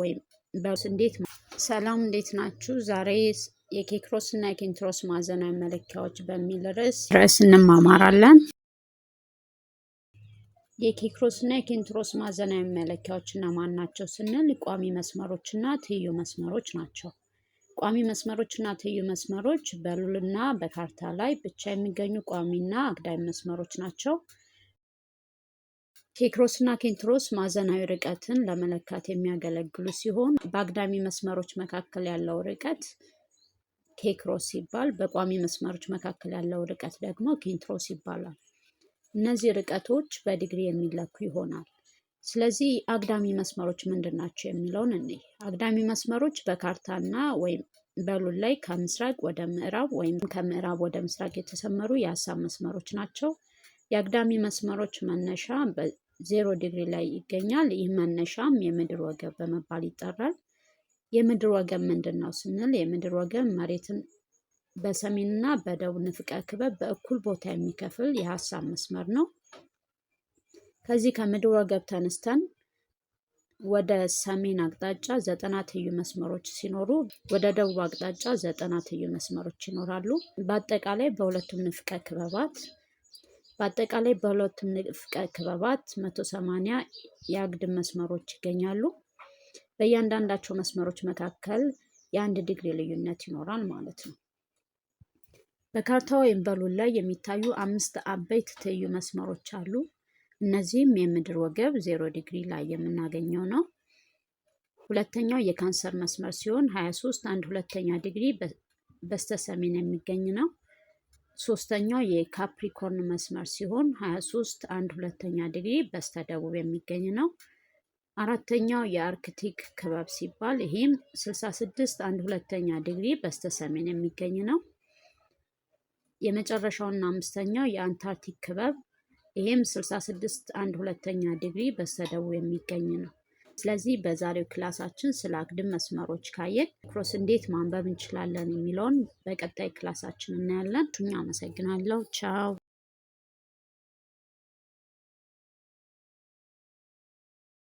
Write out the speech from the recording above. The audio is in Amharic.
ወይም በስ እንዴት ሰላም እንዴት ናችሁ? ዛሬ የኬክሮስ እና የኬንትሮስ ማዘናዊ መለኪያዎች በሚል ርዕስ ርዕስ እንማማራለን። የኬክሮስ እና የኬንትሮስ ማዘናዊ መለኪያዎች እነማን ናቸው ስንል ቋሚ መስመሮች እና ትይዩ መስመሮች ናቸው። ቋሚ መስመሮች እና ትይዩ መስመሮች በሉልና በካርታ ላይ ብቻ የሚገኙ ቋሚና አግዳሚ መስመሮች ናቸው። ቴክሮስና ኬንትሮስ ማዕዘናዊ ርቀትን ለመለካት የሚያገለግሉ ሲሆን በአግዳሚ መስመሮች መካከል ያለው ርቀት ኬክሮስ ሲባል፣ በቋሚ መስመሮች መካከል ያለው ርቀት ደግሞ ኬንትሮስ ይባላል። እነዚህ ርቀቶች በዲግሪ የሚለኩ ይሆናል። ስለዚህ አግዳሚ መስመሮች ምንድን ናቸው የሚለውን እኔ አግዳሚ መስመሮች በካርታና ወይም በሉል ላይ ከምስራቅ ወደ ምዕራብ ወይም ከምዕራብ ወደ ምስራቅ የተሰመሩ የሀሳብ መስመሮች ናቸው። የአግዳሚ መስመሮች መነሻ በዜሮ ዲግሪ ላይ ይገኛል። ይህ መነሻም የምድር ወገብ በመባል ይጠራል። የምድር ወገብ ምንድን ነው ስንል የምድር ወገብ መሬትን በሰሜንና በደቡብ ንፍቀ ክበብ በእኩል ቦታ የሚከፍል የሀሳብ መስመር ነው። ከዚህ ከምድር ወገብ ተነስተን ወደ ሰሜን አቅጣጫ ዘጠና ትዩ መስመሮች ሲኖሩ ወደ ደቡብ አቅጣጫ ዘጠና ትዩ መስመሮች ይኖራሉ። በአጠቃላይ በሁለቱም ንፍቀ ክበባት በአጠቃላይ በሁለቱም ንፍቀ ክበባት 180 የአግድም መስመሮች ይገኛሉ። በእያንዳንዳቸው መስመሮች መካከል የአንድ ዲግሪ ልዩነት ይኖራል ማለት ነው። በካርታ ወይም በሉል ላይ የሚታዩ አምስት አበይት ትይዩ መስመሮች አሉ። እነዚህም የምድር ወገብ ዜሮ ዲግሪ ላይ የምናገኘው ነው። ሁለተኛው የካንሰር መስመር ሲሆን 23 አንድ ሁለተኛ ዲግሪ በስተሰሜን የሚገኝ ነው። ሶስተኛው የካፕሪኮርን መስመር ሲሆን 23 አንድ ሁለተኛ ዲግሪ በስተደቡብ የሚገኝ ነው። አራተኛው የአርክቲክ ክበብ ሲባል ይህም 66 አንድ ሁለተኛ ዲግሪ በስተሰሜን የሚገኝ ነው። የመጨረሻውና አምስተኛው የአንታርክቲክ ክበብ ይህም 66 አንድ ሁለተኛ ዲግሪ በስተደቡብ የሚገኝ ነው። ስለዚህ በዛሬው ክላሳችን ስለ አግድም መስመሮች ካየን ክሮስ እንዴት ማንበብ እንችላለን የሚለውን በቀጣይ ክላሳችን እናያለን። አመሰግናለሁ። ቻው